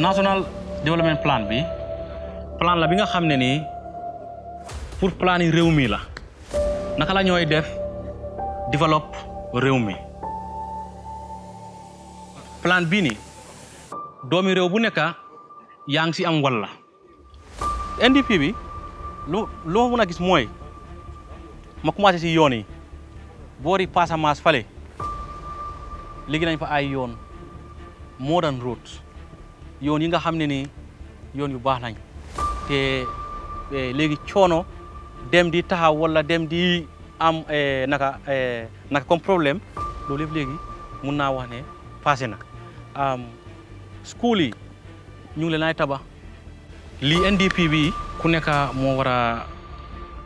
national development plan bi plan la bi nga xamné ni pour plan yi réew mi la naka la ñoy def develop réew mi plan bi ni doomi réew bu nekk yaa ngi si am wala NDP bi lu lo mën gis moy ma commencé ci yoni yi boori Passamance fale léegi nañ fa ay yoon modern roads yoon yi nga xam ne ni yoon yu baax lañ te e, léegi coono dem di taxaw wala dem di am e, naka e, naka comme problème loolu yëpp léegi mun naa wax ne passé na. school yi ñu ngi leen ay tabax lii NDP bi ku nekk moo war a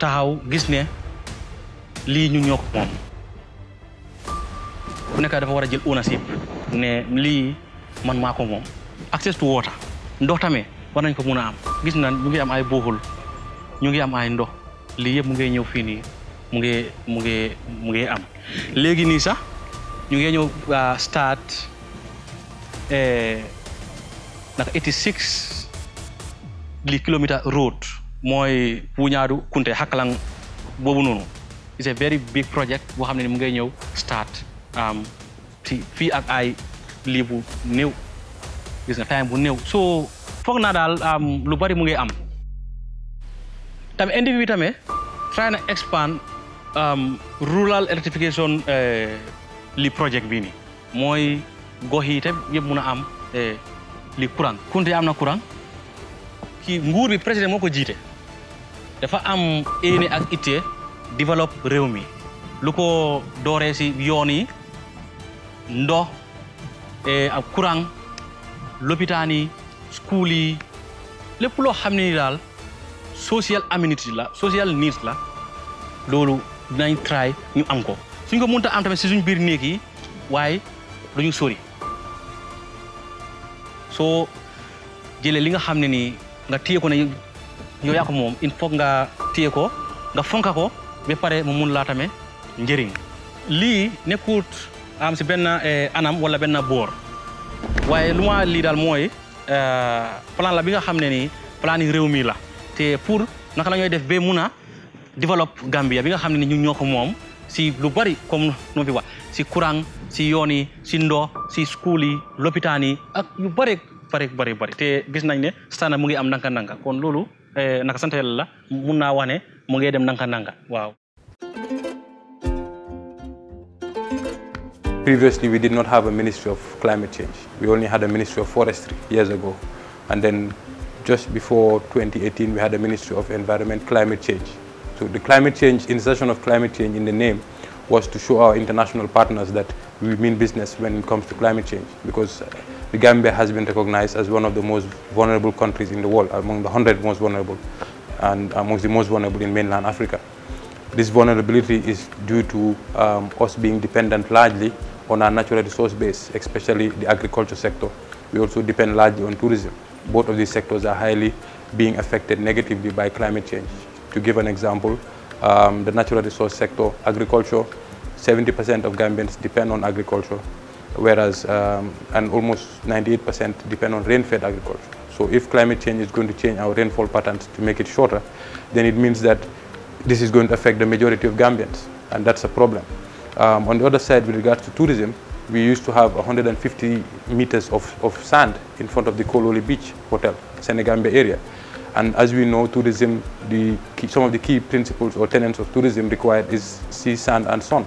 taxaw gis ne lii ñu ñoo ko moom ku nekk dafa war a jël ownership ne lii man maako moom. access to water ndox tamit war nañ ko mun a am gis na mu ngi am ay buuxul ñu ngi am ay ndox lii yëpp mu ngi ñëw fii nii mu nge mu ngi mu ngi am léegi nii sax ñu ngi ñëw ah, start eh, naka 86 li kilomètre road mooy Wuñaadu Kunte Hakalang boobu noonu it's a very big project boo xam ne ni mu ngi ñëw start am fii ak ay lii bu gis nga time bu néew so foog na daal um, lu bari mu ngi am tamit individu bi tamit try na expand um, rural electrification eh, li project bii nii mooy gox yi itam yëpp a am eh, li courant kunte am na courant ki nguur mi président moo ko jiite dafa am éene ak ittee développe réew mi lu ko dooree si yoon yi ndox eh, ak courant lopitaan yi school yi lépp loo xam ne ni daal social amenities la social needs la loolu nañ try ñu am ko suñ ko mënta am tamit si suñ biir néegi waaye du ñu sori soo jëlee li nga xam ne nii nga téye ko ne yow yaa moom il faut nga téye ko nga fonka ko ba pare mu mun laa tamit njëriñ lii nekkut am si benn eh, anam wala benn boor waye luma li dal moy euh plan la bi nga xamné ni plan yi la té pour naka lañoy def bé muna develop Gambia bi nga xamné ni ñun ñoko mom si lu bari comme no fi wax si courant si yoni yi si ndoo si school yi l'hôpital yi ak yu bari bari bari bari té gis nañ né saana mu ngi am nanka nanga kon euh naka sant yàlla la mun wané mu ngi dem nanka nanga waaw Previously, we did not have a Ministry of Climate Change. We only had a Ministry of Forestry years ago. And then just before 2018, we had a Ministry of Environment Climate Change. So the climate change, insertion of climate change in the name was to show our international partners that we mean business when it comes to climate change because uh, the Gambia has been recognized as one of the most vulnerable countries in the world, among the 100 most vulnerable and amongst the most vulnerable in mainland Africa. This vulnerability is due to um, us being dependent largely on our natural resource base, especially the agriculture sector. We also depend largely on tourism. Both of these sectors are highly being affected negatively by climate change. To give an example, um, the natural resource sector, agriculture, 70% of Gambians depend on agriculture, whereas um, and almost 98% depend on rain-fed agriculture. So if climate change is going to change our rainfall patterns to make it shorter, then it means that this is going to affect the majority of Gambians, and that's a problem. Um, on the other side, with regards to tourism, we used to have 150 meters of, of sand in front of the Kololi Beach Hotel, Senegambie area. And as we know, tourism, the key, some of the key principles or tenants of tourism required is sea, sand, and sun.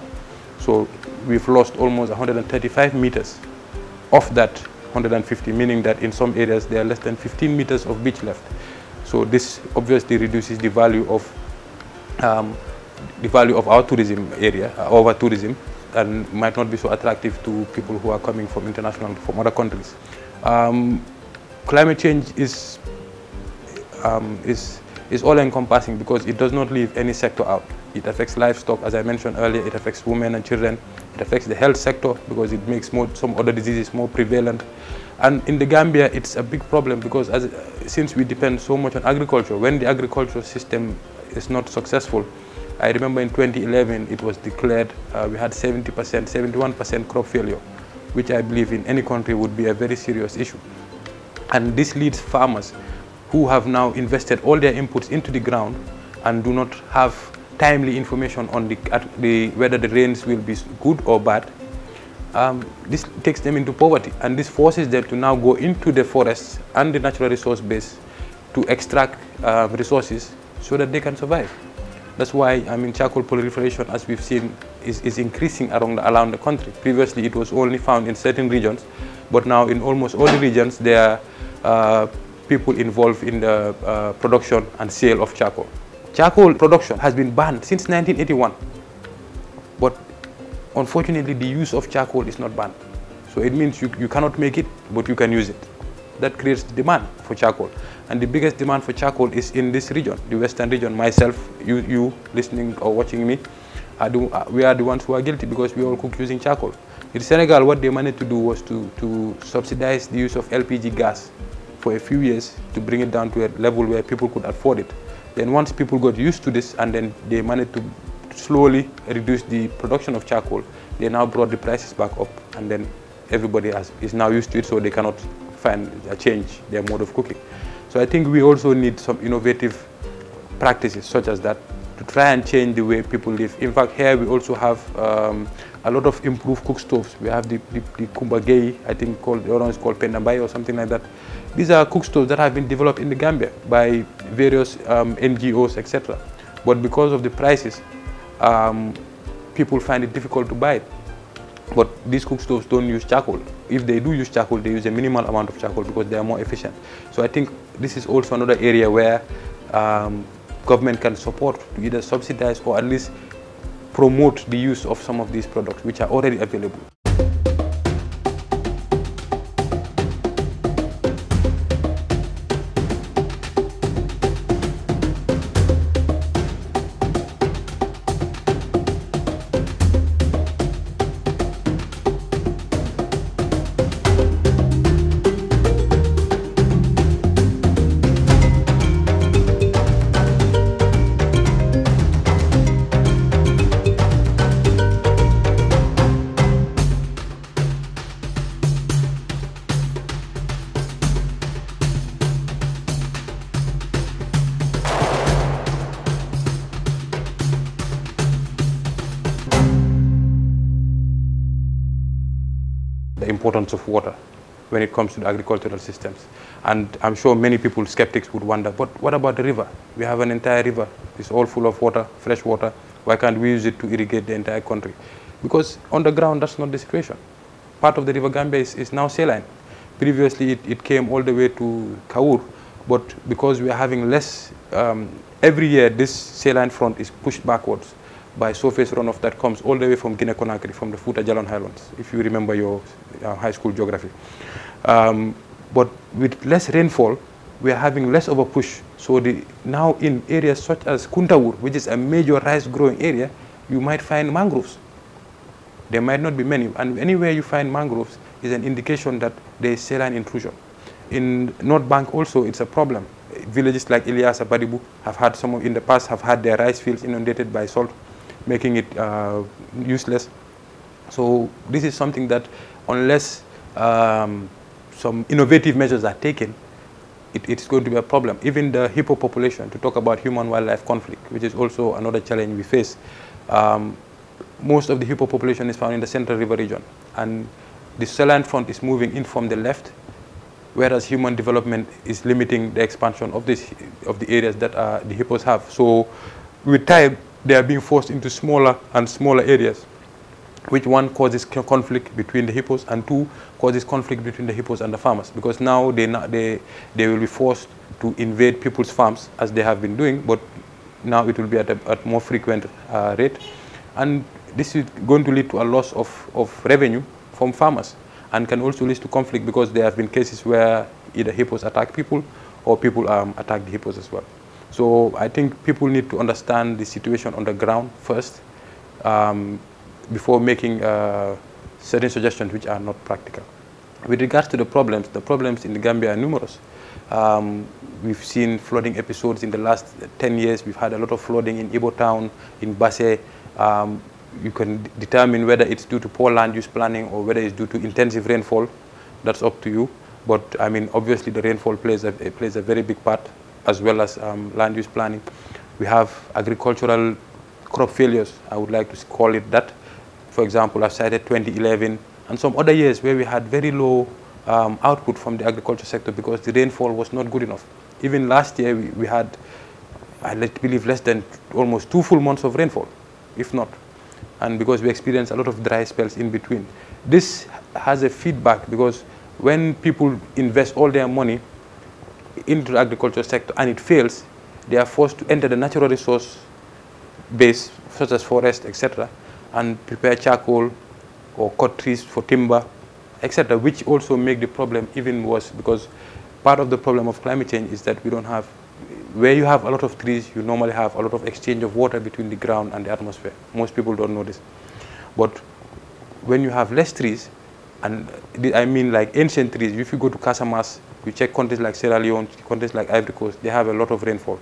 So we've lost almost 135 meters of that 150, meaning that in some areas there are less than 15 meters of beach left. So this obviously reduces the value of um, the value of our tourism area, uh, our tourism, and might not be so attractive to people who are coming from international, from other countries. Um, climate change is, um, is, is all-encompassing because it does not leave any sector out. It affects livestock, as I mentioned earlier, it affects women and children, it affects the health sector because it makes more, some other diseases more prevalent. And in the Gambia, it's a big problem because as, since we depend so much on agriculture, when the agricultural system is not successful, I remember in 2011 it was declared uh, we had 70%, 71% crop failure, which I believe in any country would be a very serious issue. And this leads farmers who have now invested all their inputs into the ground and do not have timely information on the, the whether the rains will be good or bad. Um, this takes them into poverty and this forces them to now go into the forests and the natural resource base to extract uh, resources so that they can survive. That's why I mean charcoal proliferation, as we've seen, is, is increasing around the, around the country. Previously, it was only found in certain regions, but now in almost all the regions, there are uh, people involved in the uh, production and sale of charcoal. Charcoal production has been banned since 1981, but unfortunately, the use of charcoal is not banned. So it means you, you cannot make it, but you can use it that creates demand for charcoal. And the biggest demand for charcoal is in this region, the western region. Myself, you, you listening or watching me, are the, uh, we are the ones who are guilty because we all cook using charcoal. In Senegal, what they managed to do was to, to subsidize the use of LPG gas for a few years to bring it down to a level where people could afford it. Then once people got used to this and then they managed to slowly reduce the production of charcoal, they now brought the prices back up and then everybody has, is now used to it so they cannot find a change their mode of cooking. So I think we also need some innovative practices such as that to try and change the way people live. In fact, here we also have um, a lot of improved cook stoves. We have the, the, the Kumbagei, I think called, the one is called Pendambai or something like that. These are cook stoves that have been developed in the Gambia by various um, NGOs, etc. But because of the prices, um, people find it difficult to buy it. But these cook stoves don't use charcoal. If they do use charcoal, they use a minimal amount of charcoal because they are more efficient. So I think this is also another area where um, government can support to either subsidize or at least promote the use of some of these products which are already available. when it comes to the agricultural systems. And I'm sure many people, skeptics, would wonder, but what about the river? We have an entire river. It's all full of water, fresh water. Why can't we use it to irrigate the entire country? Because on the ground, that's not the situation. Part of the river Gambia is, is now saline. Previously, it, it came all the way to Kaur, but because we are having less, um, every year this saline front is pushed backwards by surface runoff that comes all the way from Guinea-Conakry, from the Futa Jalon Highlands, if you remember your uh, high school geography. Um, but with less rainfall, we are having less of a push. So the, now in areas such as Kuntawur, which is a major rice growing area, you might find mangroves. There might not be many, and anywhere you find mangroves is an indication that there is saline intrusion. In North Bank also, it's a problem. Villages like Ilyasa, Badibu have had some in the past have had their rice fields inundated by salt, making it uh, useless. So this is something that unless um, some innovative measures are taken, it, it's going to be a problem. Even the hippo population, to talk about human-wildlife conflict, which is also another challenge we face, um, most of the hippo population is found in the Central River region. And the saline front is moving in from the left, whereas human development is limiting the expansion of, this, of the areas that uh, the hippos have. So with time, they are being forced into smaller and smaller areas which one causes conflict between the hippos and two causes conflict between the hippos and the farmers because now they, they, they will be forced to invade people's farms as they have been doing but now it will be at a at more frequent uh, rate and this is going to lead to a loss of, of revenue from farmers and can also lead to conflict because there have been cases where either hippos attack people or people um, attack the hippos as well. So I think people need to understand the situation on the ground first um, before making uh, certain suggestions which are not practical. With regards to the problems, the problems in the Gambia are numerous. Um, we've seen flooding episodes in the last 10 years. We've had a lot of flooding in Ibo town, in Basse. Um, you can determine whether it's due to poor land use planning or whether it's due to intensive rainfall. That's up to you. But I mean, obviously the rainfall plays a, plays a very big part as well as um, land use planning. We have agricultural crop failures, I would like to call it that. For example, I've cited 2011 and some other years where we had very low um, output from the agriculture sector because the rainfall was not good enough. Even last year, we, we had, I believe, less than almost two full months of rainfall, if not. And because we experienced a lot of dry spells in between. This has a feedback because when people invest all their money into the agriculture sector and it fails, they are forced to enter the natural resource base, such as forest, etc., and prepare charcoal or cut trees for timber, etc., which also make the problem even worse because part of the problem of climate change is that we don't have, where you have a lot of trees, you normally have a lot of exchange of water between the ground and the atmosphere. Most people don't know this. But when you have less trees, and I mean like ancient trees, if you go to Casamas, you check countries like Sierra Leone, countries like Ivory Coast, they have a lot of rainfall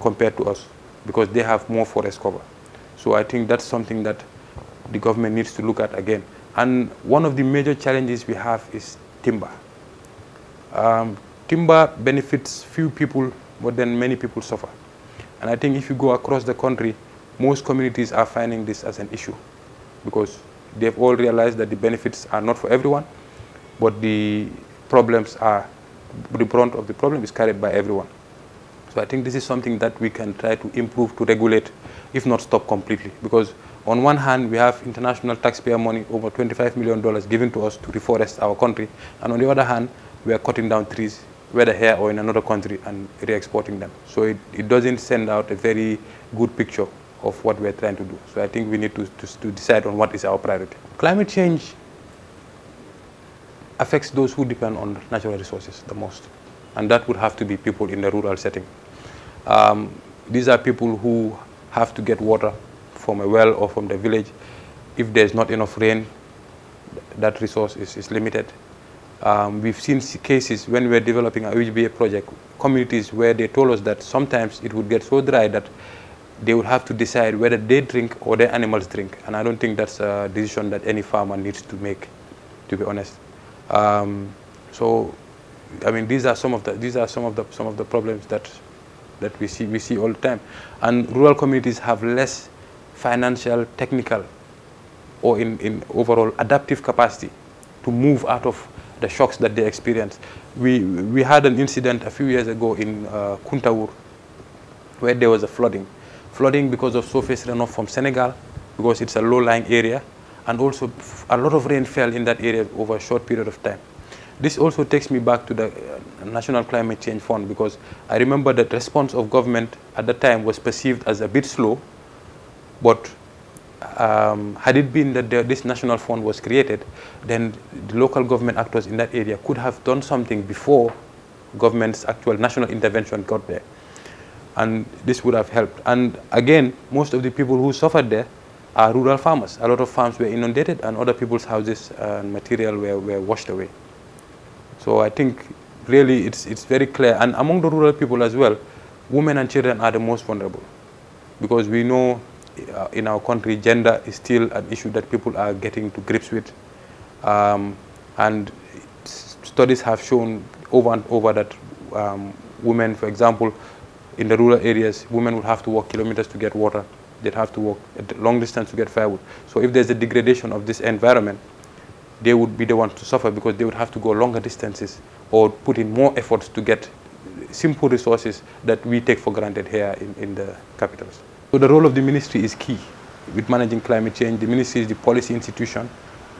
compared to us because they have more forest cover. So I think that's something that the government needs to look at again. And one of the major challenges we have is timber. Um, timber benefits few people, but then many people suffer. And I think if you go across the country, most communities are finding this as an issue because they've all realized that the benefits are not for everyone, but the problems are, the brunt of the problem is carried by everyone. So I think this is something that we can try to improve to regulate if not stop completely. Because on one hand, we have international taxpayer money, over $25 million given to us to reforest our country. And on the other hand, we are cutting down trees, whether here or in another country, and re-exporting them. So it, it doesn't send out a very good picture of what we're trying to do. So I think we need to, to, to decide on what is our priority. Climate change affects those who depend on natural resources the most. And that would have to be people in the rural setting. Um, these are people who have to get water from a well or from the village. If there's not enough rain, that resource is, is limited. Um, we've seen cases when we were developing a UGBA project, communities where they told us that sometimes it would get so dry that they would have to decide whether they drink or their animals drink. And I don't think that's a decision that any farmer needs to make, to be honest. Um, so, I mean, these are some of the these are some of the some of the problems that that we see, we see all the time. And rural communities have less financial, technical, or in, in overall adaptive capacity to move out of the shocks that they experience. We, we had an incident a few years ago in uh, Kuntawur where there was a flooding. Flooding because of surface runoff from Senegal, because it's a low-lying area, and also a lot of rain fell in that area over a short period of time. This also takes me back to the uh, National Climate Change Fund because I remember that response of government at the time was perceived as a bit slow, but um, had it been that the, this national fund was created, then the local government actors in that area could have done something before government's actual national intervention got there. And this would have helped. And again, most of the people who suffered there are rural farmers. A lot of farms were inundated and other people's houses and material were, were washed away. So I think really it's, it's very clear. And among the rural people as well, women and children are the most vulnerable because we know uh, in our country gender is still an issue that people are getting to grips with. Um, and studies have shown over and over that um, women, for example, in the rural areas, women would have to walk kilometers to get water. They'd have to walk a long distance to get firewood. So if there's a degradation of this environment, they would be the ones to suffer because they would have to go longer distances or put in more efforts to get simple resources that we take for granted here in, in the capitals. So the role of the ministry is key with managing climate change. The ministry is the policy institution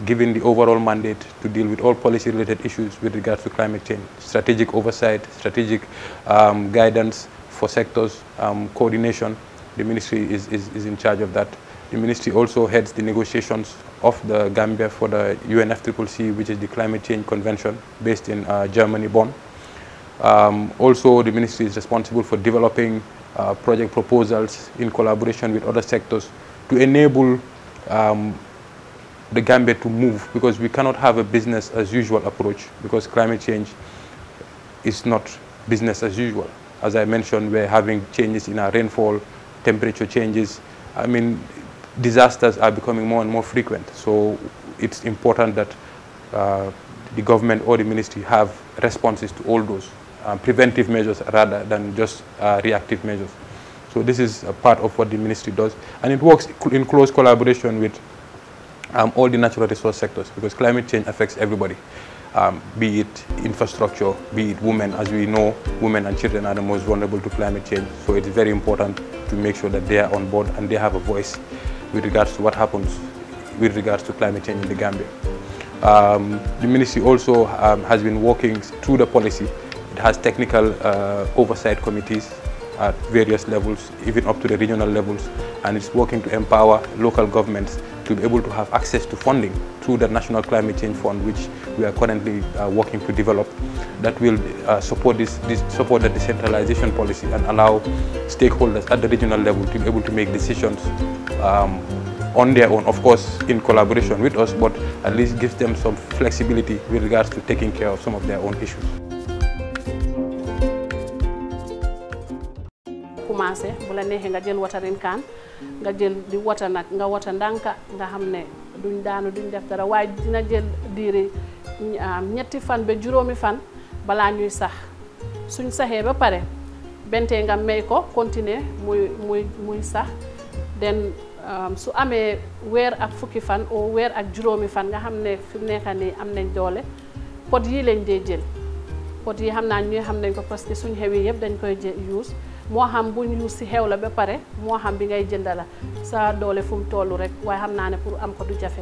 given the overall mandate to deal with all policy related issues with regards to climate change, strategic oversight, strategic um, guidance for sectors, um, coordination. The ministry is, is, is in charge of that. The ministry also heads the negotiations of the Gambia for the UNFCCC, which is the Climate Change Convention based in uh, Germany, Bonn. Um, also, the ministry is responsible for developing uh, project proposals in collaboration with other sectors to enable um, the Gambia to move because we cannot have a business as usual approach because climate change is not business as usual. As I mentioned, we're having changes in our rainfall, temperature changes. I mean, disasters are becoming more and more frequent. So it's important that uh, the government or the ministry have responses to all those um, preventive measures rather than just uh, reactive measures. So this is a part of what the ministry does. And it works in close collaboration with um, all the natural resource sectors because climate change affects everybody. Um, be it infrastructure, be it women. As we know, women and children are the most vulnerable to climate change. So it's very important to make sure that they are on board and they have a voice with regards to what happens with regards to climate change in the Gambia. Um, the ministry also um, has been working through the policy. It has technical uh, oversight committees at various levels, even up to the regional levels, and it's working to empower local governments to be able to have access to funding through the National Climate Change Fund, which we are currently uh, working to develop, that will uh, support this, this, support the decentralization policy and allow stakeholders at the regional level to be able to make decisions um, on their own, of course, in collaboration with us, but at least gives them some flexibility with regards to taking care of some of their own issues. commencé bu la neexee nga jël watarin kaan nga jël di wata nag nga wata ndànka nga xam ne duñ daanu duñ def dara waaye dina jël diiri ñetti fan ba juróomi fan balaa ñuy sax suñ saxee ba pare bentee nga may ko continuer muy muy muy sax den um, su amee weer ak fukki fan oo weer ak juróomi fan nga xam ne fi mu nekk nii am nañ doole pot yii lañ dee jël pot yi xam naa ñuy xam nañ ko parce que suñ xew yëpp dañ koy jël use moo xam bu ñu si xew la ba pare moo xam bi ngay jënd la sa doole fu mu rek waaye xam naa ne pour am ko du jafe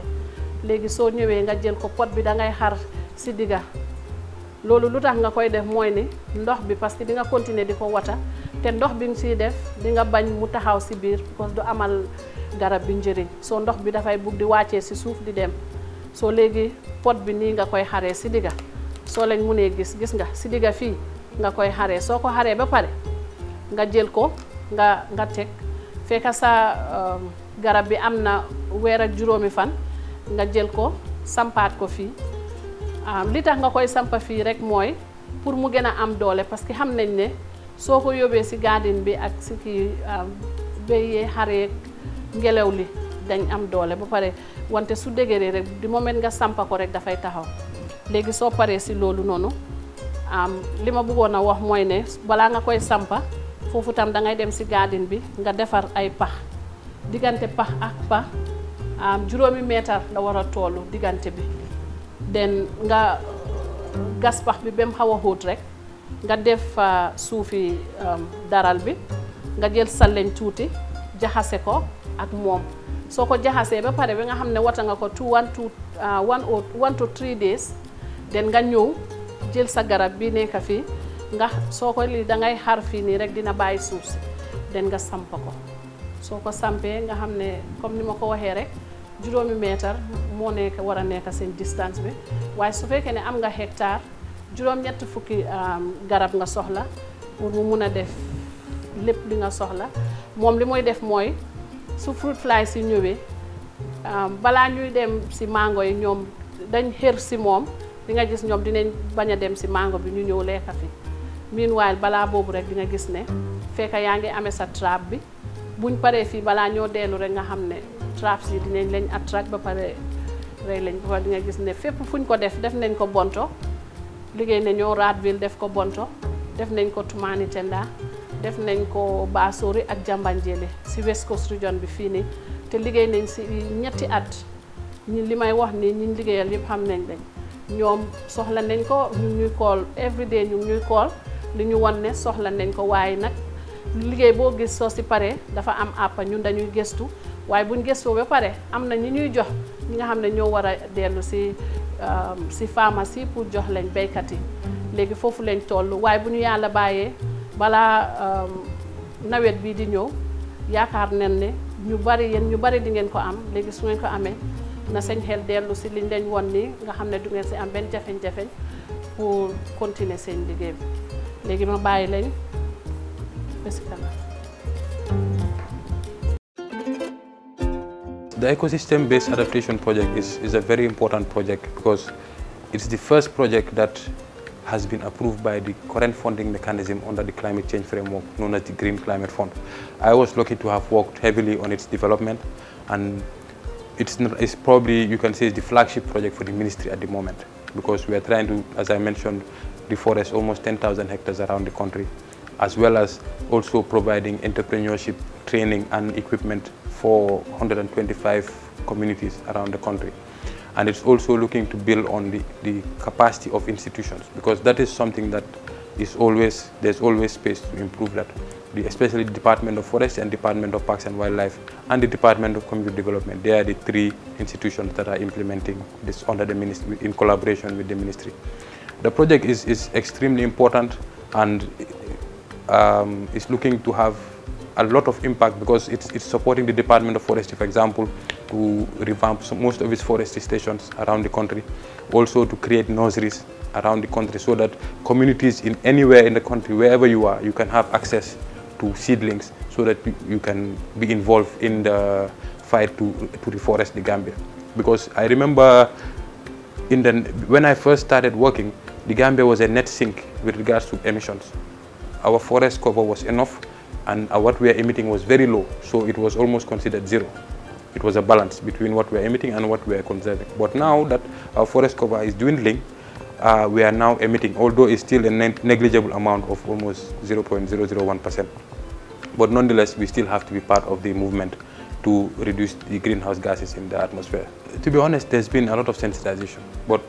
léegi soo ñëwee nga jël ko pot bi da ngay xar si digga loolu lu tax nga koy def mooy ni ndox bi parce que di nga continuer di ko wata te ndox bi nga siy def di nga bañ mu taxaw si biir parce du amal garab bi njëriñ soo ndox bi dafay bugg di wàccee si suuf di dem soo léegi pot bi nii nga koy xaree si soo leen mënee gis gis nga si digga fii nga koy xaree soo ko xaree ba pare nga jël ko nga nga teg fekk sa euh, garab bi am na weeral juróomi fan nga jël ko sampaat ko fii ah, li tax nga koy sampa fii rek mooy pour mu gën a am doole parce que xam nañ ne soo ko yóbbee si garden bi ak si kii euh, béyee xareeg ngelaw li dañ am doole ba pare wante su dëgëree rek di moment nga sampa ko rek dafay taxaw léegi soo paree si loolu noonu li ma bëggoon a wax mooy ne balaa nga koy sampa foofu tam da ngay dem si garden bi nga defar ay pax diggante pax ak pax juróomi meetar la war a toolu diggante bi den nga euh, gas pax bi ba mu xaw a xóot rek nga def fa euh, suufi euh, daral bi nga jël sa sàlleñ tuuti jaxase ko ak moom soo ko jaxasee ba pare ba nga xam ne wata nga ko two one two oh, one to three days den nga ñëw jël sa garab bi nekk fii nga soo ko lii da ngay xar fii nii rek dina bàyyi suuf si den nga samp ko soo ko sampee nga xam ne comme ni ma ko waxee rek juróomi meetar moo nekk war a nekk seen distance bi waaye su fekkee ne am nga hectare juróom-ñett fukki garab nga soxla pour mu mun a def lépp li nga soxla moom li muy def mooy su fruit fly si ñëwee balaa ñuy dem si mango yi ñoom dañ xër si moom di nga gis ñoom dinañ bañ a dem si mango bi ñu ñëw lekka fi meanwhile balaa boobu rek di nga gis ne fekk yaa ngi amee sa trap bi buñ paree fii balaa ñoo dellu rek nga xam ne traps yi dinañ lañ attract ba pare rey lañ ba pare di nga gis ne fépp fuñ ko def def nañ ko bonto liggéey ne ñoo Ratville def ko bonto def nañ ko tumaani Tenda def nañ ko Baasori ak Jambanjele si West Coast bi fii nii te liggéey nañ si ñetti at ñi li may wax nii ñiñ liggéeyal yëpp xam nañ lañ ñoom soxla nañ ko ñu ñuy call every day ñu ñuy di ñu wan ne soxla nañ ko waaye nag liggéey boo gis soo si paree dafa am àppa ñun dañuy gëstu waaye buñ gëstoo ba pare am na ñi ñuy jox ñi nga xam ne ñoo war a dellu si um, si pharmacie pour jox leen béykat yi léegi foofu lañ tollu waaye bu ñu yàlla bàyyee balaa um, nawet bii di ñëw yaakaar nañ ne ñu bari yéen ñu bari di ngeen ko am léegi su ngeen ko amee na seen xel dellu si liñ leen won nii nga xam ne du ngeen si am benn jafe-jafe pour continuer seen liggéey bi ma The ecosystem-based adaptation project is, is a very important project because it's the first project that has been approved by the current funding mechanism under the climate change framework known as the Green Climate Fund. I was lucky to have worked heavily on its development and it's, it's probably, you can say, it's the flagship project for the ministry at the moment because we are trying to, as I mentioned, deforest almost 10,000 hectares around the country, as well as also providing entrepreneurship training and equipment for 125 communities around the country. And it's also looking to build on the, the capacity of institutions because that is something that is always, there's always space to improve that. The, especially the Department of Forest and Department of Parks and Wildlife and the Department of Community Development. They are the three institutions that are implementing this under the ministry in collaboration with the ministry. The project is, is extremely important and um, is looking to have a lot of impact because it's, it's supporting the Department of Forestry, for example, to revamp some, most of its forestry stations around the country, also to create nurseries around the country so that communities in anywhere in the country, wherever you are, you can have access to seedlings so that you can be involved in the fight to, to reforest the Gambia. Because I remember in the, when I first started working, the Gambia was a net sink with regards to emissions. Our forest cover was enough and what we are emitting was very low, so it was almost considered zero. It was a balance between what we are emitting and what we are conserving. But now that our forest cover is dwindling, uh, we are now emitting, although it's still a negligible amount of almost 0.001%. But nonetheless, we still have to be part of the movement to reduce the greenhouse gases in the atmosphere. To be honest, there's been a lot of sensitization, but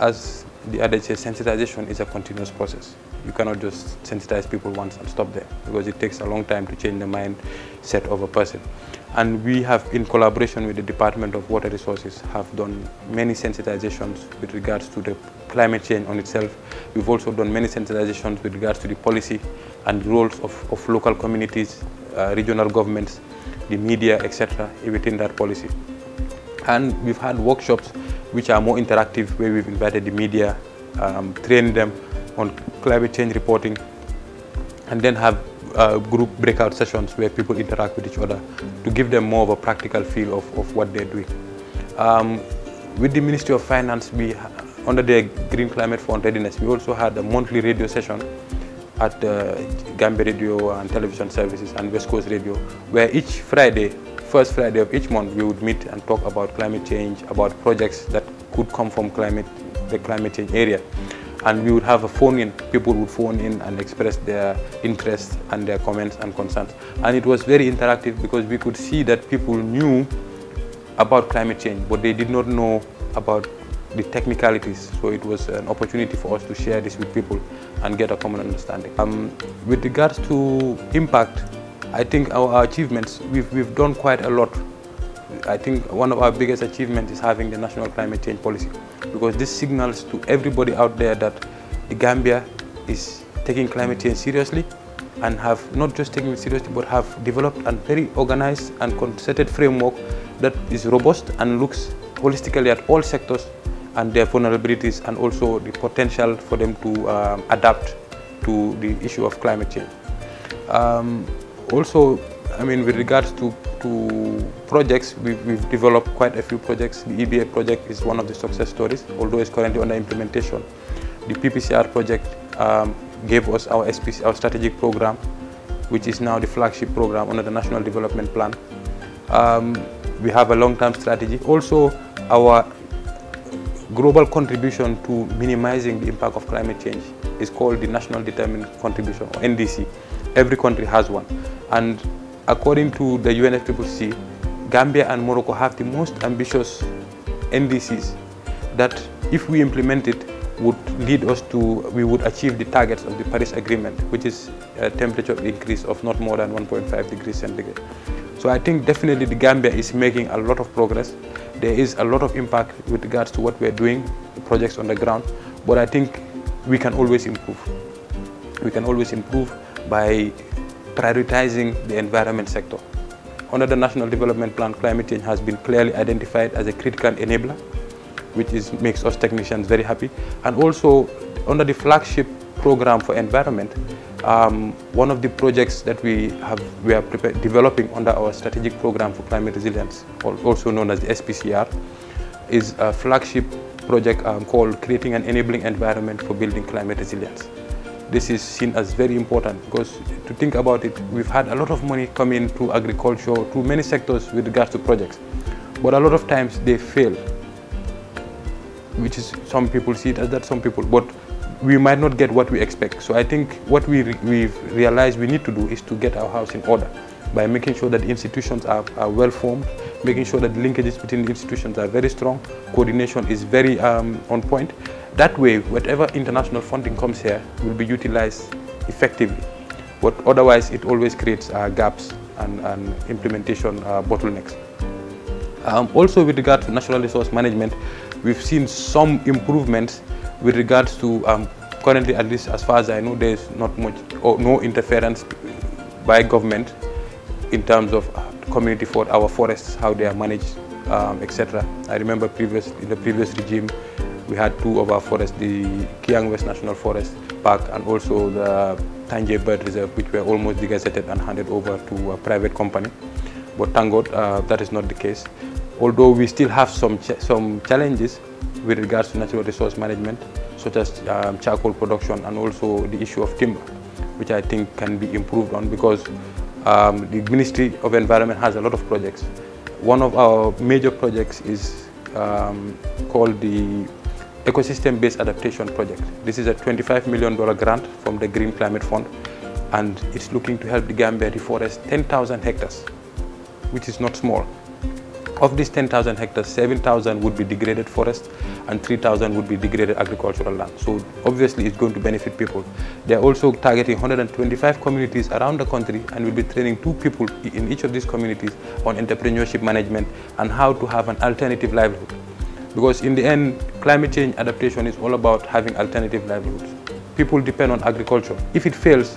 as the other is sensitization is a continuous process. You cannot just sensitize people once and stop there because it takes a long time to change the mindset of a person. And we have, in collaboration with the Department of Water Resources, have done many sensitizations with regards to the climate change on itself. We've also done many sensitizations with regards to the policy and roles of, of local communities, uh, regional governments, the media, etc. within that policy. And we've had workshops which are more interactive, where we've invited the media, um, trained them on climate change reporting, and then have uh, group breakout sessions where people interact with each other to give them more of a practical feel of, of what they're doing. Um, with the Ministry of Finance, we uh, under the Green Climate Fund Readiness, we also had a monthly radio session at uh, Gambia Radio and Television Services and West Coast Radio, where each Friday first Friday of each month, we would meet and talk about climate change, about projects that could come from climate, the climate change area. And we would have a phone-in. People would phone in and express their interests and their comments and concerns. And it was very interactive because we could see that people knew about climate change, but they did not know about the technicalities. So it was an opportunity for us to share this with people and get a common understanding. Um, with regards to impact, I think our, achievements, we've, we've done quite a lot. I think one of our biggest achievements is having the National Climate Change Policy because this signals to everybody out there that the Gambia is taking climate change seriously and have not just taken it seriously but have developed a very organized and concerted framework that is robust and looks holistically at all sectors and their vulnerabilities and also the potential for them to um, adapt to the issue of climate change. Um, also, I mean, with regards to, to projects, we've, we've developed quite a few projects. The EBA project is one of the success stories, although it's currently under implementation. The PPCR project um, gave us our, SPC, our strategic program, which is now the flagship program under the National Development Plan. Um, we have a long-term strategy. Also, our global contribution to minimizing the impact of climate change is called the National Determined Contribution, or NDC. Every country has one. And according to the UNFCCC, Gambia and Morocco have the most ambitious NDCs that if we implement it would lead us to, we would achieve the targets of the Paris Agreement, which is a temperature increase of not more than 1.5 degrees centigrade. So I think definitely the Gambia is making a lot of progress. There is a lot of impact with regards to what we're doing, the projects on the ground, but I think we can always improve. We can always improve by prioritizing the environment sector. Under the National Development Plan, climate change has been clearly identified as a critical enabler, which is, makes us technicians very happy. And also, under the flagship program for environment, um, one of the projects that we have we are developing under our strategic program for climate resilience, also known as the SPCR, is a flagship project um, called Creating an Enabling Environment for Building Climate Resilience this is seen as very important because to think about it, we've had a lot of money coming to agriculture, to many sectors with regards to projects, but a lot of times they fail, which is some people see it as that, some people, but we might not get what we expect. So I think what we re we've realized we need to do is to get our house in order by making sure that institutions are, are well formed, making sure that linkages between institutions are very strong, coordination is very um, on point, that way, whatever international funding comes here will be utilized effectively. What otherwise, it always creates uh, gaps and, and implementation uh, bottlenecks. Um, also, with regard to natural resource management, we've seen some improvements with regards to um, currently, at least as far as I know, there's not much or no interference by government in terms of uh, community for our forests, how they are managed, um, etc. I remember previous in the previous regime, we had two of our forests, the Kiang West National Forest Park and also the Tangier Bird Reserve, which were almost degazetted and handed over to a private company. But thank God, uh, that is not the case. Although we still have some, ch some challenges with regards to natural resource management, such as um, charcoal production and also the issue of timber, which I think can be improved on because um, the Ministry of Environment has a lot of projects. One of our major projects is um, called the ecosystem-based adaptation project. This is a $25 million grant from the Green Climate Fund and it's looking to help the Gambia reforest 10,000 hectares, which is not small. Of these 10,000 hectares, 7,000 would be degraded forest and 3,000 would be degraded agricultural land. So obviously it's going to benefit people. They are also targeting 125 communities around the country and will be training two people in each of these communities on entrepreneurship management and how to have an alternative livelihood. Because in the end, climate change adaptation is all about having alternative livelihoods. People depend on agriculture. If it fails,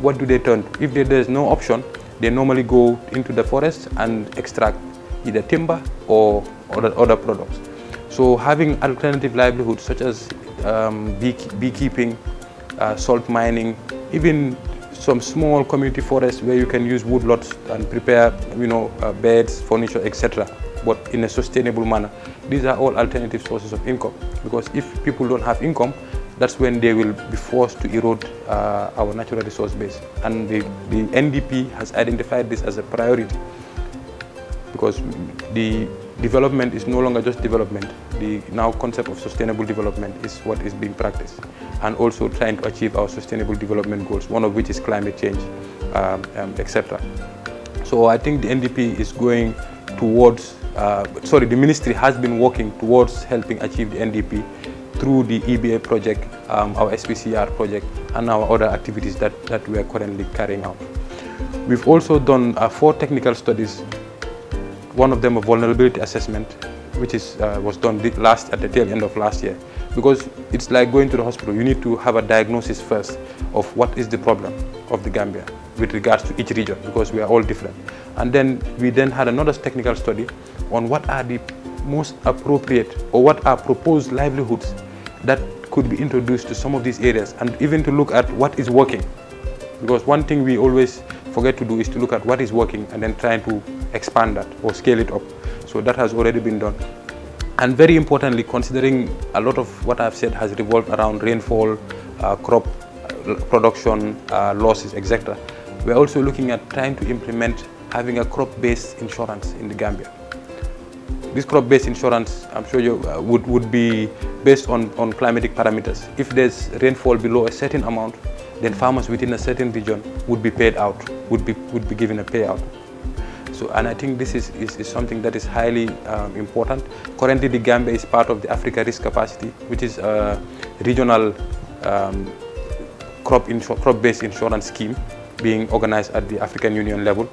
what do they turn to? If there is no option, they normally go into the forest and extract either timber or other, other products. So having alternative livelihoods such as um, bee, beekeeping, uh, salt mining, even some small community forests where you can use woodlots and prepare you know, uh, beds, furniture, etc but in a sustainable manner. These are all alternative sources of income because if people don't have income, that's when they will be forced to erode uh, our natural resource base. And the, the NDP has identified this as a priority because the development is no longer just development. The now concept of sustainable development is what is being practiced and also trying to achieve our sustainable development goals, one of which is climate change, um, um, etc. So I think the NDP is going towards uh, sorry, the ministry has been working towards helping achieve the NDP through the EBA project, um, our SPCR project, and our other activities that, that we are currently carrying out. We've also done uh, four technical studies, one of them a vulnerability assessment, which is, uh, was done last, at the tail end of last year. Because it's like going to the hospital, you need to have a diagnosis first of what is the problem of the Gambia with regards to each region because we are all different. And then we then had another technical study on what are the most appropriate or what are proposed livelihoods that could be introduced to some of these areas and even to look at what is working. Because one thing we always forget to do is to look at what is working and then trying to expand that or scale it up. So that has already been done. And very importantly, considering a lot of what I've said has revolved around rainfall, uh, crop uh, production, uh, losses, etc. We're also looking at trying to implement having a crop-based insurance in the Gambia. This crop-based insurance, I'm sure you uh, would, would be based on, on climatic parameters. If there's rainfall below a certain amount, then farmers within a certain region would be paid out, would be, would be given a payout. So, and I think this is, is, is something that is highly um, important. Currently, the Gambia is part of the Africa Risk Capacity, which is a regional um, crop-based insur crop insurance scheme being organized at the African Union level.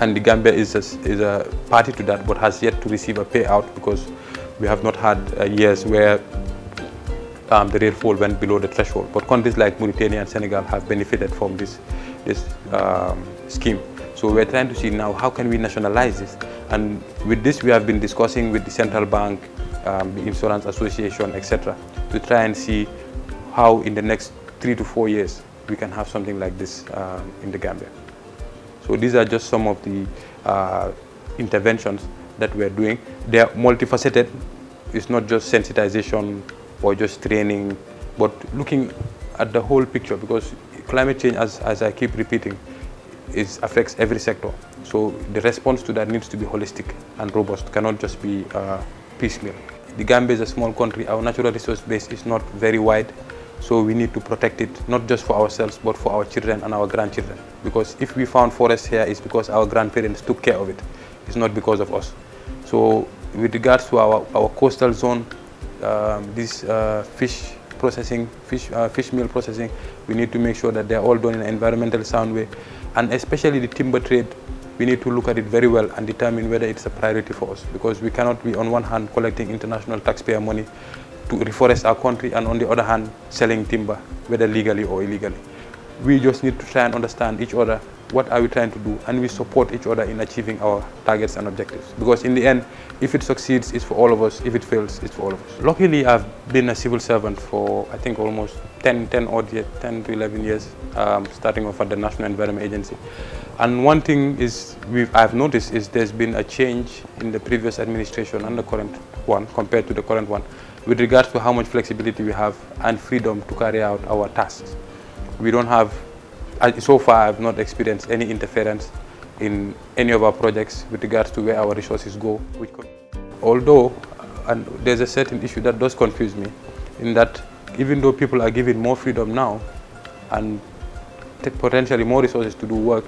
And the Gambia is a, is a party to that, but has yet to receive a payout because we have not had uh, years where um, the rainfall went below the threshold. But countries like Mauritania and Senegal have benefited from this, this um, scheme. So we're trying to see now how can we nationalize this. And with this, we have been discussing with the central bank, um, the insurance association, etc., to try and see how in the next three to four years we can have something like this um, in the Gambia. So these are just some of the uh, interventions that we're doing. They are multifaceted. It's not just sensitization or just training, but looking at the whole picture because climate change, as, as I keep repeating, is, affects every sector. So the response to that needs to be holistic and robust, cannot just be uh, piecemeal. The Gambia is a small country. Our natural resource base is not very wide so we need to protect it, not just for ourselves, but for our children and our grandchildren. Because if we found forest here, it's because our grandparents took care of it. It's not because of us. So with regards to our, our coastal zone, um, this uh, fish processing, fish, uh, fish meal processing, we need to make sure that they're all done in an environmental sound way. And especially the timber trade, we need to look at it very well and determine whether it's a priority for us because we cannot be on one hand collecting international taxpayer money to reforest our country and on the other hand selling timber whether legally or illegally we just need to try and understand each other what are we trying to do and we support each other in achieving our targets and objectives because in the end if it succeeds it's for all of us if it fails it's for all of us luckily i've been a civil servant for i think almost 10 10 odd years 10 to 11 years um, starting off at the national environment agency and one thing is i've noticed is there's been a change in the previous administration and the current one compared to the current one with regards to how much flexibility we have and freedom to carry out our tasks. We don't have, uh, so far I've not experienced any interference in any of our projects with regards to where our resources go. Although uh, and there's a certain issue that does confuse me in that even though people are given more freedom now and potentially more resources to do work,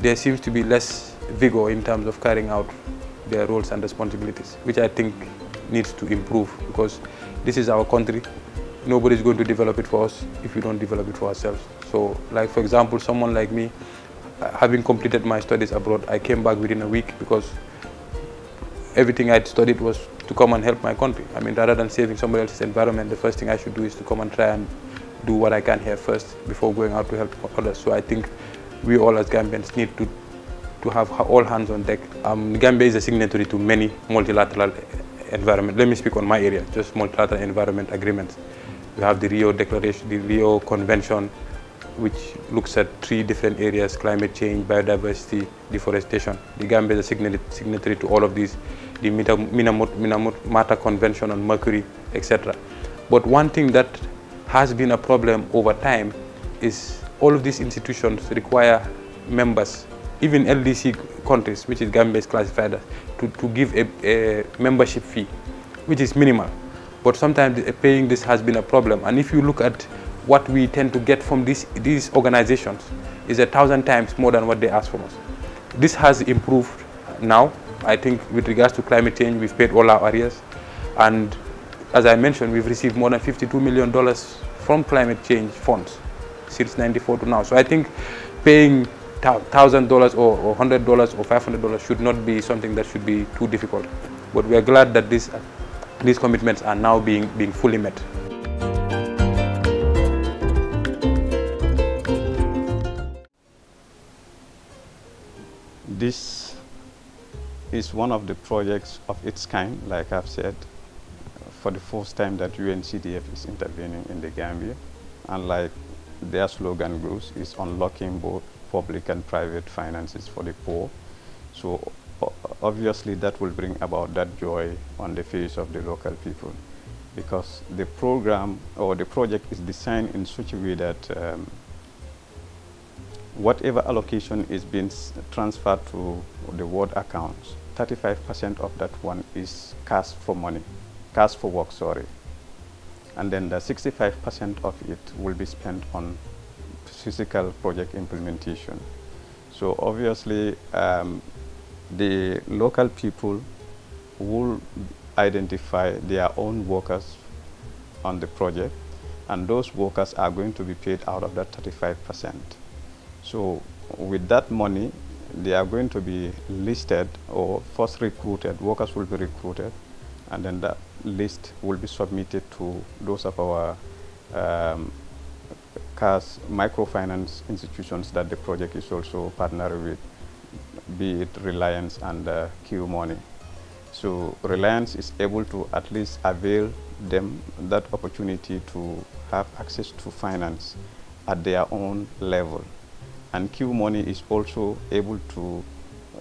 there seems to be less vigor in terms of carrying out their roles and responsibilities, which I think needs to improve because this is our country. Nobody is going to develop it for us if we don't develop it for ourselves. So, like for example, someone like me, uh, having completed my studies abroad, I came back within a week because everything I'd studied was to come and help my country. I mean, rather than saving somebody else's environment, the first thing I should do is to come and try and do what I can here first before going out to help others. So I think we all as Gambians need to, to have all hands on deck. Um, Gambia is a signatory to many multilateral environment. Let me speak on my area, just multilateral environment agreements. We have the Rio Declaration, the Rio Convention, which looks at three different areas, climate change, biodiversity, deforestation. The Gambia is a signatory to all of these, the Minamata Convention on mercury, etc. But one thing that has been a problem over time is all of these institutions require members, even LDC countries, which is Gambia is classified as, to, to give a, a membership fee, which is minimal. But sometimes paying this has been a problem. And if you look at what we tend to get from these, these organizations, is a thousand times more than what they ask from us. This has improved now. I think with regards to climate change, we've paid all our arrears. And as I mentioned, we've received more than $52 million from climate change funds since 94 to now. So I think paying thousand dollars or hundred dollars or five hundred dollars should not be something that should be too difficult. But we are glad that these these commitments are now being being fully met. This is one of the projects of its kind, like I've said, for the first time that UNCDF is intervening in the Gambia. And like their slogan goes, it's unlocking both public and private finances for the poor. So obviously that will bring about that joy on the face of the local people because the program or the project is designed in such a way that um, whatever allocation is being transferred to the ward accounts, 35% of that one is cash for money, cash for work, sorry. And then the 65% of it will be spent on physical project implementation. So obviously, um, the local people will identify their own workers on the project, and those workers are going to be paid out of that 35%. So with that money, they are going to be listed or first recruited, workers will be recruited, and then that list will be submitted to those of our um, has microfinance institutions that the project is also partnered with, be it Reliance and uh, Q Money. So Reliance is able to at least avail them that opportunity to have access to finance at their own level. And Q Money is also able to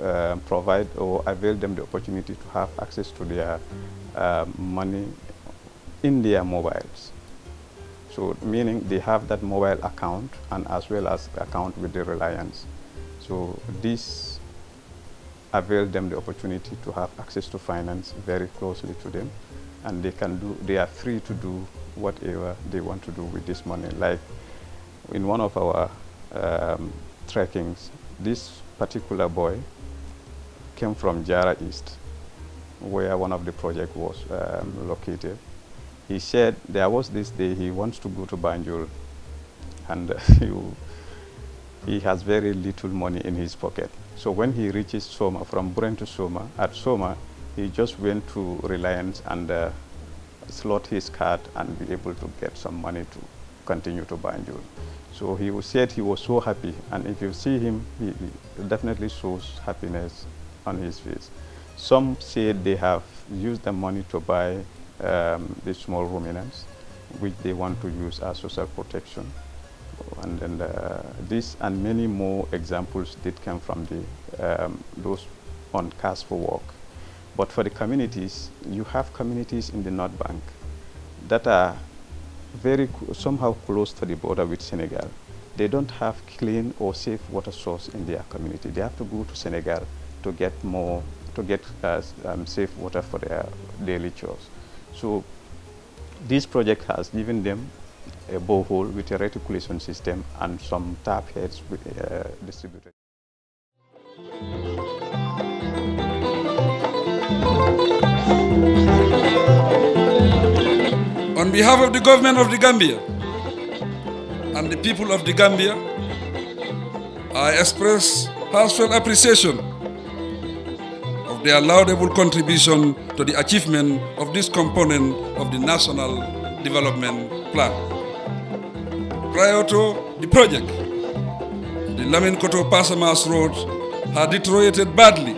uh, provide or avail them the opportunity to have access to their uh, money in their mobiles. So meaning they have that mobile account and as well as account with the Reliance. So this avail them the opportunity to have access to finance very closely to them and they can do, they are free to do whatever they want to do with this money. Like in one of our um, this particular boy came from Jara East, where one of the project was um, located he said there was this day he wants to go to Banjul and he has very little money in his pocket. So when he reaches Soma, from Buren to Soma, at Soma, he just went to Reliance and uh, slot his card and be able to get some money to continue to Banjul. So he said he was so happy, and if you see him, he definitely shows happiness on his face. Some said they have used the money to buy um, the small ruminants, which they want to use as social protection. And then uh, this and many more examples did come from the, um, those on cast for work. But for the communities, you have communities in the North Bank that are very somehow close to the border with Senegal. They don't have clean or safe water source in their community. They have to go to Senegal to get more, to get uh, um, safe water for their daily chores. So this project has given them a borehole with a reticulation system and some tap heads uh, distributed. On behalf of the government of the Gambia and the people of the Gambia, I express heartfelt appreciation their laudable contribution to the achievement of this component of the National Development Plan. Prior to the project, the Laminkoto Pasamas Road had deteriorated badly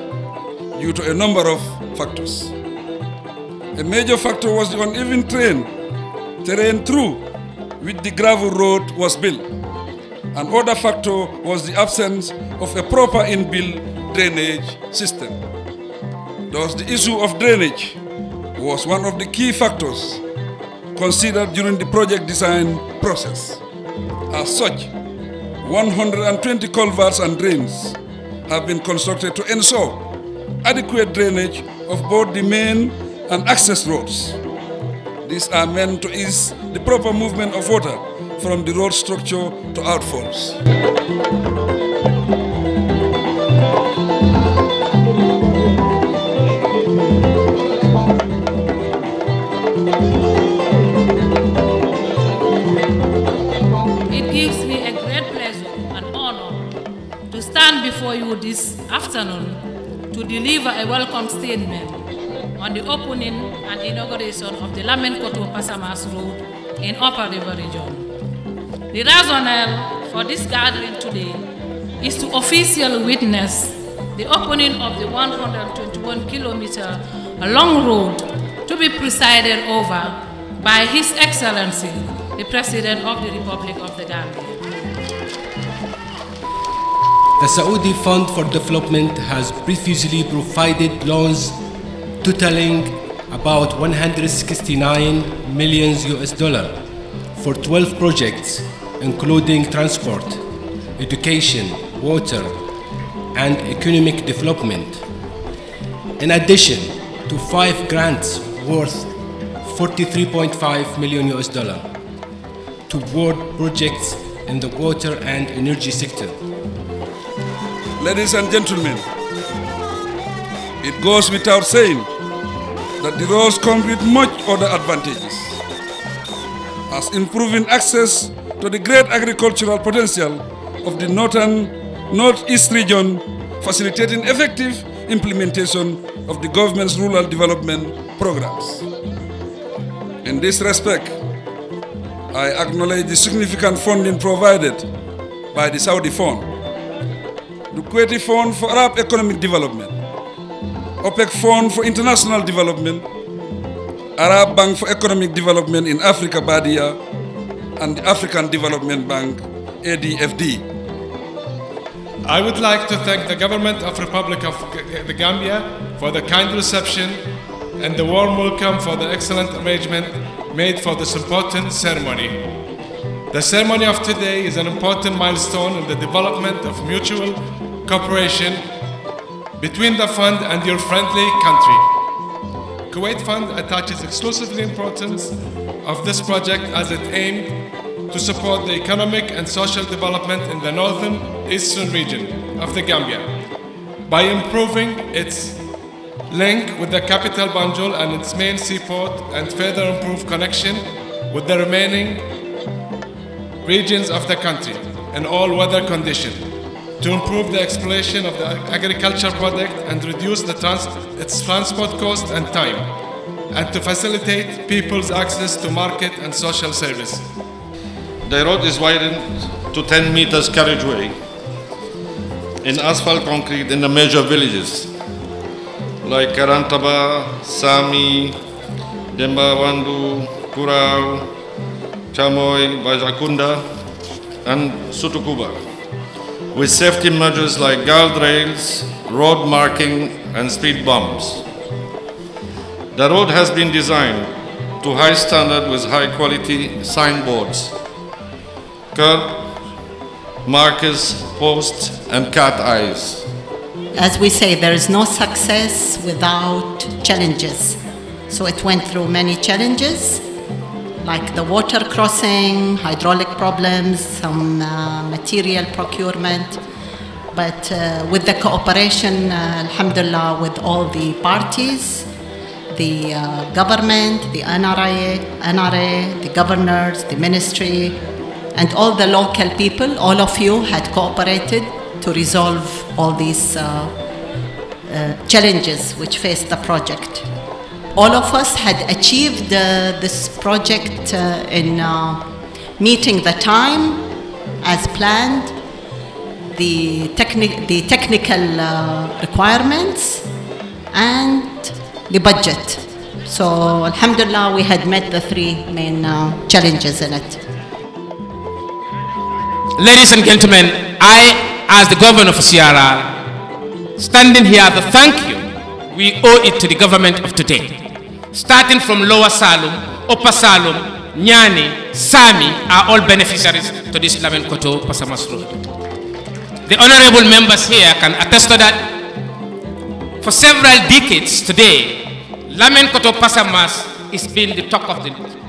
due to a number of factors. A major factor was the uneven terrain, terrain through which the gravel road was built. Another factor was the absence of a proper inbuilt drainage system. Thus, the issue of drainage was one of the key factors considered during the project design process. As such, 120 culverts and drains have been constructed to ensure adequate drainage of both the main and access roads. These are meant to ease the proper movement of water from the road structure to outfalls. welcome statement on the opening and inauguration of the Koto Pasamas Road in Upper River Region. The rationale for this gathering today is to officially witness the opening of the 121 kilometer long road to be presided over by His Excellency, the President of the Republic of the Gambia. The Saudi Fund for Development has previously provided loans totaling about 169 million US dollar for 12 projects including transport, education, water and economic development. In addition to five grants worth 43.5 million US dollar toward projects in the water and energy sector. Ladies and gentlemen, it goes without saying that the roads come with much other advantages, as improving access to the great agricultural potential of the northern northeast region, facilitating effective implementation of the government's rural development programs. In this respect, I acknowledge the significant funding provided by the Saudi Fund the Kuwaiti Fund for Arab Economic Development, OPEC Fund for International Development, Arab Bank for Economic Development in Africa, Badia, and the African Development Bank, ADFD. I would like to thank the government of Republic of the Gambia for the kind reception and the warm welcome for the excellent arrangement made for this important ceremony. The ceremony of today is an important milestone in the development of mutual cooperation between the fund and your friendly country. Kuwait Fund attaches exclusive importance of this project as it aimed to support the economic and social development in the northern eastern region of the Gambia by improving its link with the capital Banjul and its main seaport and further improve connection with the remaining regions of the country in all weather conditions to improve the exploitation of the agricultural product and reduce trans its transport cost and time, and to facilitate people's access to market and social service. The road is widened to 10 meters carriageway in asphalt concrete in the major villages like Karantaba, Sami, Dembawandu, Kurau, Chamoy, Bajakunda, and Sutukuba with safety measures like guardrails, road marking and speed bumps. The road has been designed to high standard with high quality signboards, curb, markers, posts and cat eyes. As we say, there is no success without challenges. So it went through many challenges like the water crossing, hydraulic problems, some uh, material procurement. But uh, with the cooperation, uh, alhamdulillah, with all the parties, the uh, government, the NRA, NRA, the governors, the ministry, and all the local people, all of you had cooperated to resolve all these uh, uh, challenges which faced the project all of us had achieved this project uh, in uh, meeting the time as planned, the, techni the technical uh, requirements, and the budget. So, Alhamdulillah, we had met the three main uh, challenges in it. Ladies and gentlemen, I, as the governor of Sierra, standing here to thank you we owe it to the government of today. Starting from Lower Salum, Upper Salum, Nyani, Sami are all beneficiaries to this Koto Pasamas Road. The honorable members here can attest to that. For several decades today, Koto Pasamas is being the talk of the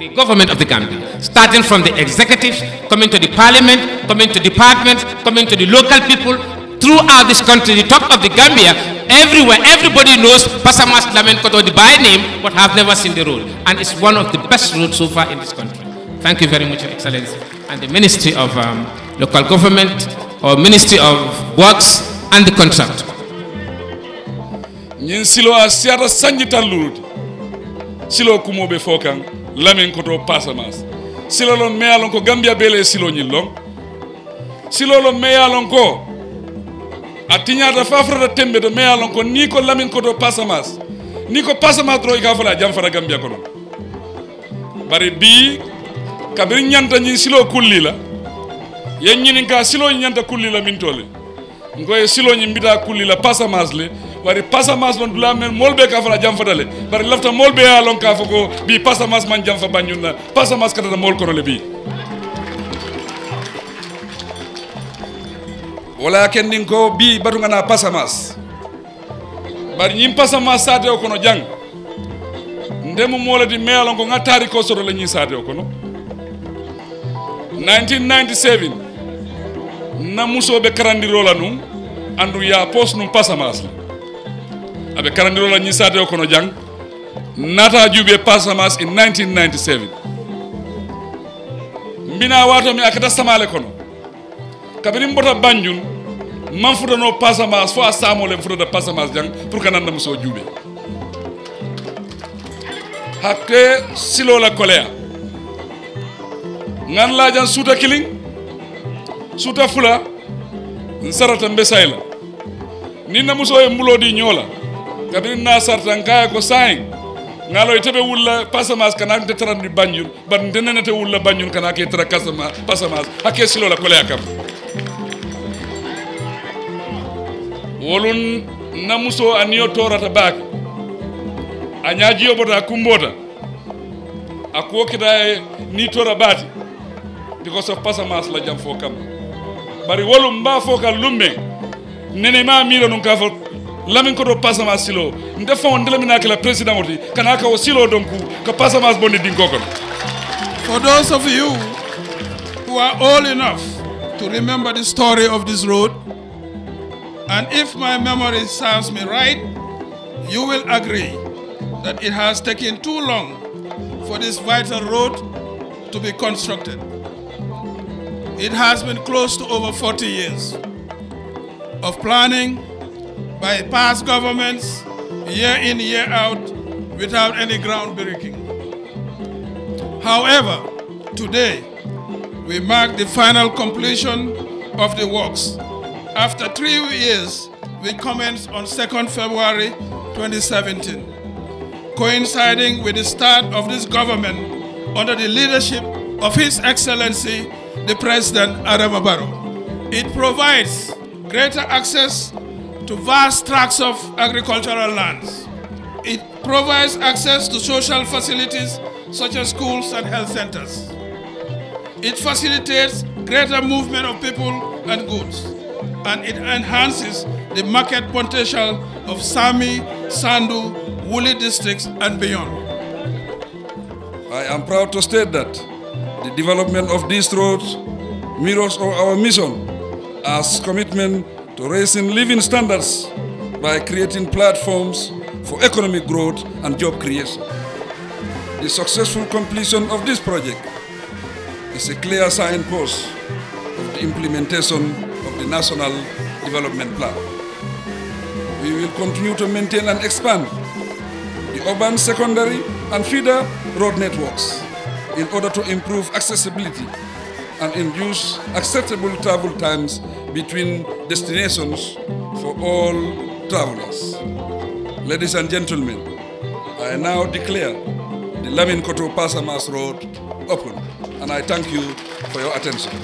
the government of the Gambia, starting from the executive, coming to the parliament, coming to departments, coming to the local people, throughout this country, the top of the Gambia everywhere. Everybody knows Pastor Mas Lamenkoto by name, but have never seen the road. And it's one of the best roads so far in this country. Thank you very much, Your Excellency. And the Ministry of um, Local Government, or Ministry of Works, and the contract. ñin siloa siyata sanjitan silo kumoɓe fo kan lamin koto pasamas silo lon meyalon ko gambia bele silo ñin lon silo lon meyalon ko a tiñata fafrata tembe to meya lon ko ni ko lamin koto pasamas ni ko pasamas doro ika fala jam fata ko kono bari bi kabir ñanta ñin silo kulli la yen ñinin ka silo ñanta kulli la min tole ngoy silo ñi mbita kulli la pasamas le bari pasamas don dula men molbe ka fala jam fata le bari lafta molbe ya lon ka foko bi pasamas man jam fa banyuna pasamas kata mol kono le bi walakin ndin ko bi batuga na pasamas bari ñin pasamas saate o kono jang ndemo moladi meelo ngo ŋattari ko soto la ñin saate o kono 1997 na musoɓe karandirola num andu ya pos num pasamas la aɓe karandirola ñin saate o kono jang nata juuɓe pasamas in 1997 mbina wato mi akata samale kono kabinin bota banjun manfutano passamage fo a saamole futata passamage jang pour que nannamo so juuɓe hakke silola koleya ngan lajan suuta kilin suuta fula n sarata mbe sayla ni namuso e mbulodi ñoola kabiri na sartan kaya ko sayin ngalo ite e be wulla pasamas kana te tarandi banjun bat ndenene te wulla banjun kana ke tara kasama hakke silola koleya kam wolun namuso aniyo torata baake a ñaajiyo kumbota a kuwo e ni tora baati because of pasamas la jam fo kam bari wolum mba fokal ka nene ma mira nun ka fo lamin koto pasamas silo nte fawo ndelamina kela président oti kana ka o silo donc ka pasamas bonde dinko kono for those of you who are old enough to remember the story of this road And if my memory serves me right, you will agree that it has taken too long for this vital road to be constructed. It has been close to over 40 years of planning by past governments year in, year out, without any ground breaking. However, today, we mark the final completion of the works after three years, we commenced on 2nd February 2017, coinciding with the start of this government under the leadership of His Excellency, the President Adama Barrow. It provides greater access to vast tracts of agricultural lands. It provides access to social facilities such as schools and health centers. It facilitates greater movement of people and goods and it enhances the market potential of Sami, Sandu, Woolly districts and beyond. I am proud to state that the development of these roads mirrors our mission as commitment to raising living standards by creating platforms for economic growth and job creation. The successful completion of this project is a clear signpost of the implementation the National Development Plan. We will continue to maintain and expand the urban, secondary and feeder road networks in order to improve accessibility and induce acceptable travel times between destinations for all travelers. Ladies and gentlemen, I now declare the Lamin Koto Pasamas Road open and I thank you for your attention.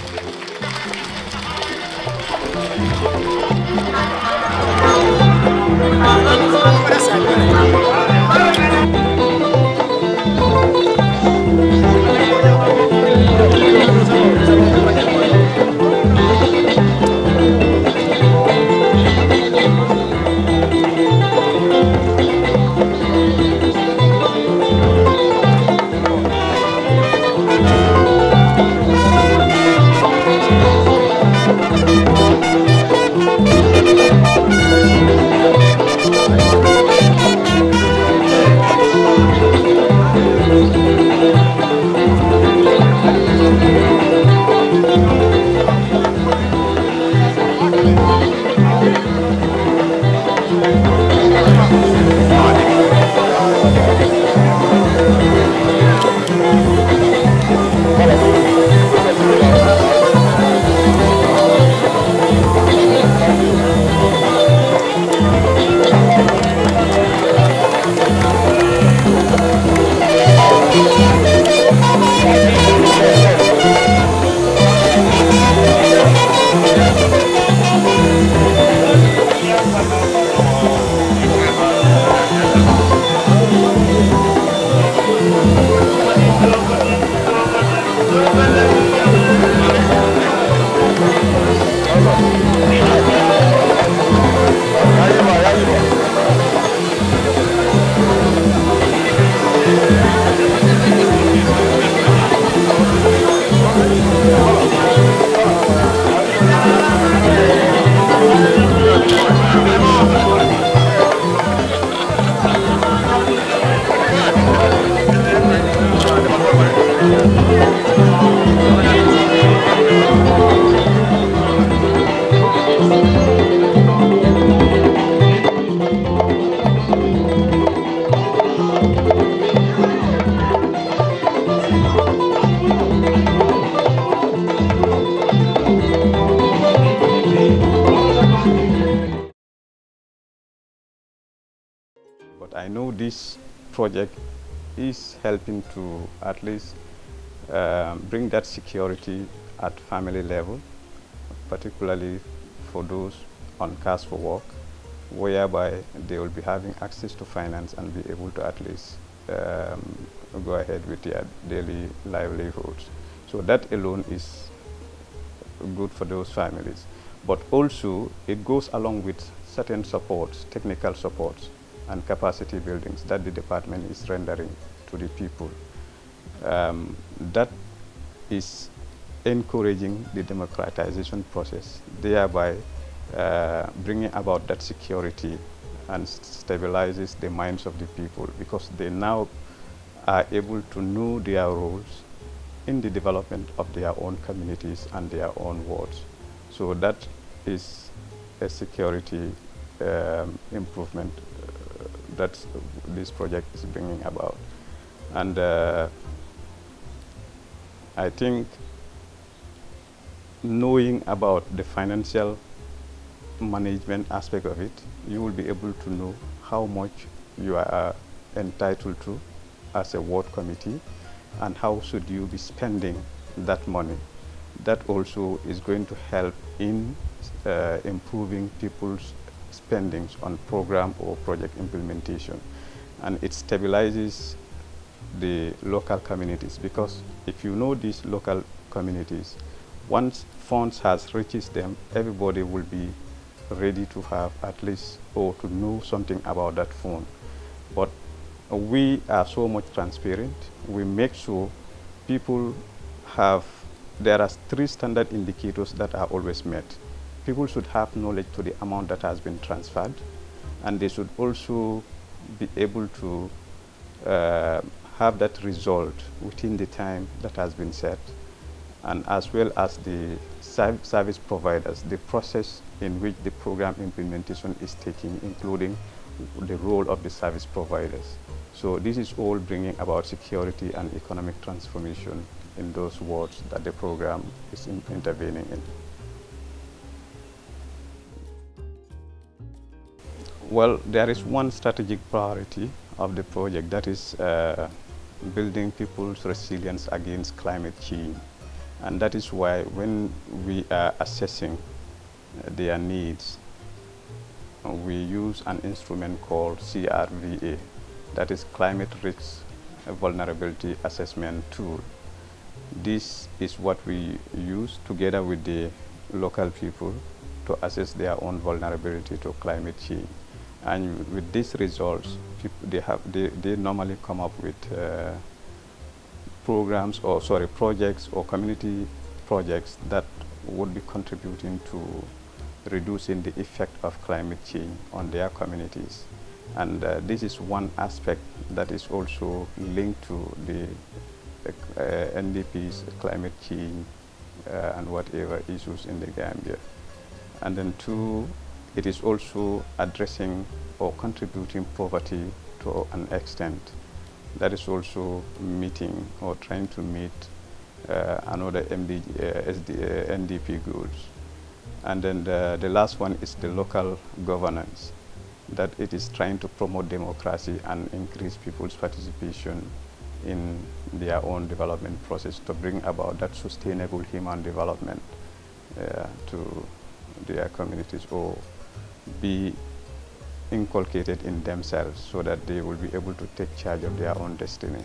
Vamos abraçar, at least um, bring that security at family level, particularly for those on cash for work, whereby they will be having access to finance and be able to at least um, go ahead with their daily livelihoods. So that alone is good for those families. But also, it goes along with certain supports, technical supports, and capacity buildings that the department is rendering to the people um, that is encouraging the democratization process, thereby uh, bringing about that security and stabilizes the minds of the people because they now are able to know their roles in the development of their own communities and their own wards. So that is a security um, improvement uh, that this project is bringing about. And uh, I think knowing about the financial management aspect of it, you will be able to know how much you are uh, entitled to as a ward committee and how should you be spending that money. That also is going to help in uh, improving people's spendings on program or project implementation and it stabilizes the local communities because if you know these local communities, once funds has reached them, everybody will be ready to have at least or to know something about that phone. But we are so much transparent. We make sure people have, there are three standard indicators that are always met. People should have knowledge to the amount that has been transferred and they should also be able to uh, have that result within the time that has been set and as well as the service providers, the process in which the program implementation is taking, including the role of the service providers. So this is all bringing about security and economic transformation in those wards that the program is in intervening in. Well, there is one strategic priority of the project, that is uh, building people's resilience against climate change. And that is why when we are assessing uh, their needs, uh, we use an instrument called CRVA, that is Climate Risk Vulnerability Assessment Tool. This is what we use together with the local people to assess their own vulnerability to climate change. And with these results, people, they, have, they, they normally come up with uh, programs or, sorry, projects or community projects that would be contributing to reducing the effect of climate change on their communities. And uh, this is one aspect that is also linked to the uh, NDP's climate change uh, and whatever issues in the Gambia. And then two, it is also addressing or contributing poverty to an extent. That is also meeting or trying to meet uh, another MD, uh, SD, uh, NDP goals. And then the, the, last one is the local governance, that it is trying to promote democracy and increase people's participation in their own development process to bring about that sustainable human development uh, to their communities or be inculcated in themselves so that they will be able to take charge of their own destiny.